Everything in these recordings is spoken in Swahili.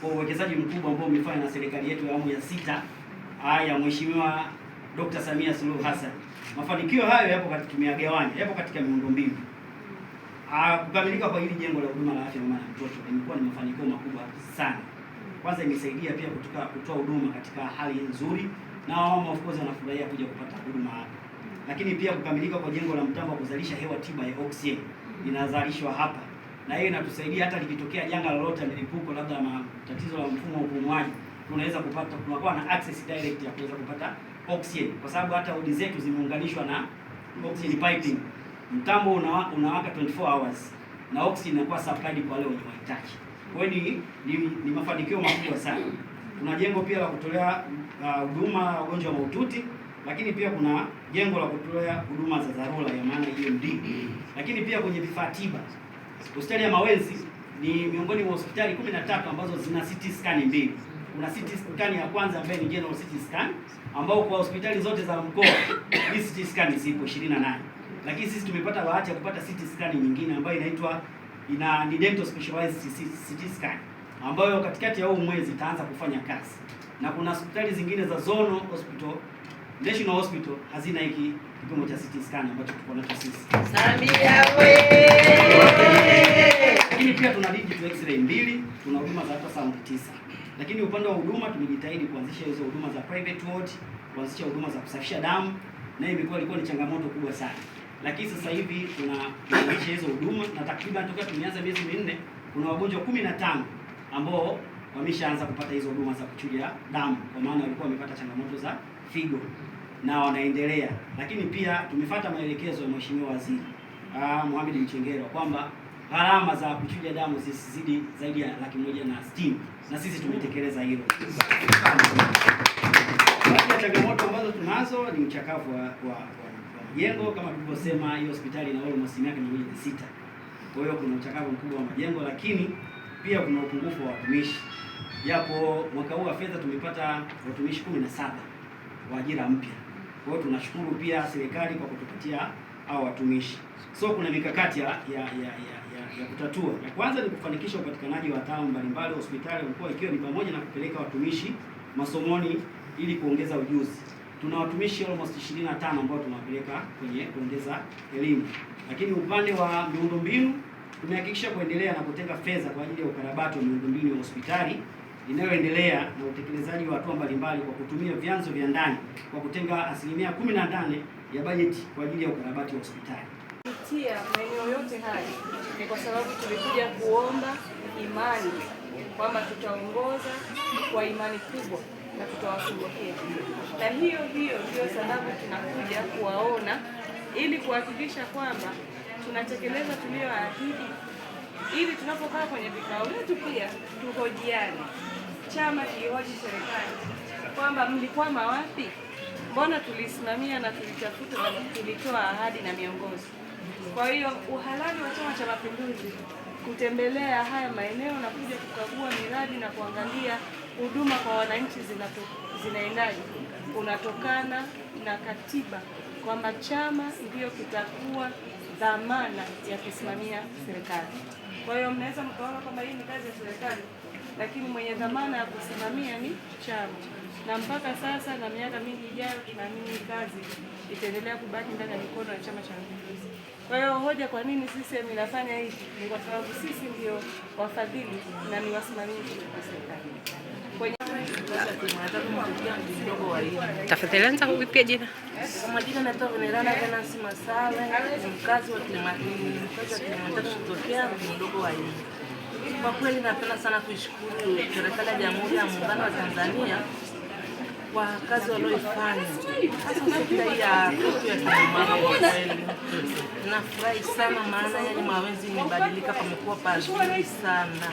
kwa uwekezaji mkubwa ambao umefanywa na serikali yetu ya awamu ya sita ya Mheshimiwa Dr. Samia Suluhu Hassan. Mafanikio hayo yapo katika tumeyagawanya, yapo katika miundombinu. Ah, kukamilika kwa hili jengo la huduma la afya mama na mtoto imekuwa ni mafanikio makubwa sana. Kwanza imesaidia pia kutoka kutoa huduma katika hali nzuri na wao of course wanafurahia kuja kupata huduma hapa. Lakini pia kukamilika kwa jengo la mtambo wa kuzalisha hewa tiba ya oxygen inazalishwa hapa na hiyo inatusaidia hata likitokea janga lolote, mlipuko labda na tatizo la mfumo wa upumuaji, tunaweza kupata, tunakuwa na access direct ya kuweza kupata oxygen, kwa sababu hata odi zetu zimeunganishwa na oxygen piping. Mtambo unawaka, unawaka 24 hours na oxygen inakuwa supplied kwa wale wenye mahitaji. Kwa hiyo ni, ni, ni mafanikio makubwa sana. Kuna jengo pia la kutolea huduma uh, wagonjwa wa mahututi lakini pia kuna jengo la kutolea huduma za dharura ya maana hiyo, lakini pia kwenye vifaa tiba Hospitali ya Mawenzi ni miongoni mwa hospitali 13 ambazo zina CT scan mbili. Kuna CT scan ya kwanza ambayo ni general CT scan ambao kwa hospitali zote za mkoa hii CT scan zipo 28. Lakini sisi tumepata bahati ya kupata CT scan nyingine ambayo inaitwa ina ni dental specialized CT scan ambayo katikati ya huu mwezi itaanza kufanya kazi. Na kuna hospitali zingine za Zono Hospital National Hospital hazina hiki kipimo cha CT scan ambacho tuko nacho sisi. Samia pia tuna digital x-ray mbili, tuna huduma za ultrasound tisa. Lakini upande wa huduma tumejitahidi kuanzisha hizo huduma za private ward, kuanzisha huduma za kusafisha damu na imekuwa ilikuwa ni changamoto kubwa sana. Lakini sasa hivi tunaanzisha hizo huduma na takriban toka tumeanza miezi minne kuna wagonjwa 15 ambao wameshaanza kupata hizo huduma za kuchuja damu kwa maana walikuwa wamepata changamoto za figo na wanaendelea. Lakini pia tumefuata maelekezo ya Mheshimiwa Waziri ah, Mohamed Mchengerwa kwamba gharama za kuchuja damu zisizidi zaidi ya laki moja na sitini na sisi tumetekeleza hilo. Baadhi ya changamoto ambazo tunazo ni mchakavu wa majengo kama tulivyosema, hiyo hospitali ina almost miaka mia na sita. Kwa hiyo kuna mchakavu mkubwa wa majengo, lakini pia kuna upungufu wa watumishi, japo mwaka huu wa fedha tumepata watumishi kumi na saba wa ajira mpya. Kwa hiyo tunashukuru pia serikali kwa kutupatia au watumishi. So kuna mikakati ya ya, ya, ya, ya kutatua. Ya kwanza ni kufanikisha upatikanaji wa wataalamu mbalimbali hospitali mkoa, ikiwa ni pamoja na kupeleka watumishi masomoni ili kuongeza ujuzi. Tuna watumishi almost 25 ambao tunawapeleka kwenye kuongeza elimu. Lakini upande wa miundombinu tumehakikisha kuendelea na kutenga fedha kwa ajili ya ukarabati wa miundombinu ya hospitali inayoendelea na utekelezaji wa hatua mbalimbali kwa kutumia vyanzo vya ndani kwa kutenga asilimia 18 ya bajeti kwa ajili ya ukarabati wa hospitali. Kupitia maeneo yote haya ni kwa sababu tulikuja kuomba imani kwamba tutaongoza kwa imani kubwa na tutawasuluhia, na hiyo hiyo ndiyo sababu tunakuja kuwaona ili kuhakikisha kwamba tunatekeleza tuliyoahidi, ili tunapokaa kwenye vikao vyetu pia tuhojiane, chama kihoji serikali kwamba mlikwama wapi mbona tulisimamia na tulitafuta na tulitoa ahadi na miongozo. Kwa hiyo uhalali wa Chama cha Mapinduzi kutembelea haya maeneo na kuja kukagua miradi na kuangalia huduma kwa wananchi zinaendaje unatokana na katiba kwamba chama ndiyo kitakuwa dhamana ya kusimamia serikali. Kwa hiyo mnaweza mkaona kwamba hii ni kazi ya serikali, lakini mwenye dhamana ya kusimamia ni chama, na mpaka sasa na miaka mingi ijayo, tunaamini kazi itaendelea kubaki ndani ya mikono ya Chama cha Mapinduzi. Kwa hiyo hoja kwa nini sisi inafanya hivi ni kwa sababu sisi ndio wafadhili na ni wasimamizi wa serikali. Tafadhali anza kukupigia jina. Kama jina na Venerana Venance Masale, mkazi wa mkazi wa Kilimanjaro kutokea mdogo wa yeye. Kwa kweli napenda sana kuishukuru serikali ya Jamhuri ya Muungano wa Tanzania kwa kazi walioifanya ya ya kinamama. nafurahi sana, maana yani mawenzi imebadilika, pamekuwa pazuri sana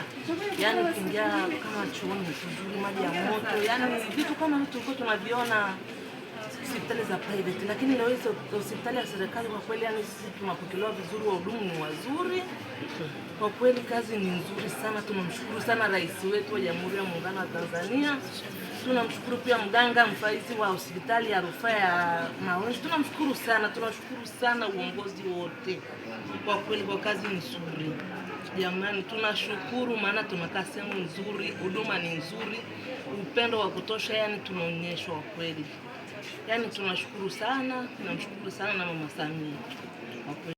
yani, ukiingia kama chuoni kuzuri, maji ya moto, yani vitu kama tulikuwa tunaviona hospitali za private, lakini leo hospitali ya serikali kwa kweli, yani sisi tunapokelewa vizuri, wahudumu ni wazuri kwa kweli kazi ni nzuri sana, tunamshukuru sana rais wetu wa Jamhuri ya Muungano wa Tanzania. Tunamshukuru pia mganga mfaizi wa hospitali ya rufaa ya Mawenzi. Tunamshukuru sana, tunashukuru sana uongozi wote kwa kweli, kwa kazi nzuri jamani, tunashukuru maana tunakaa sehemu nzuri, huduma ni nzuri, upendo wa kutosha, yani tunaonyeshwa kweli, yani tunashukuru sana, tunamshukuru sana na Mama Samia.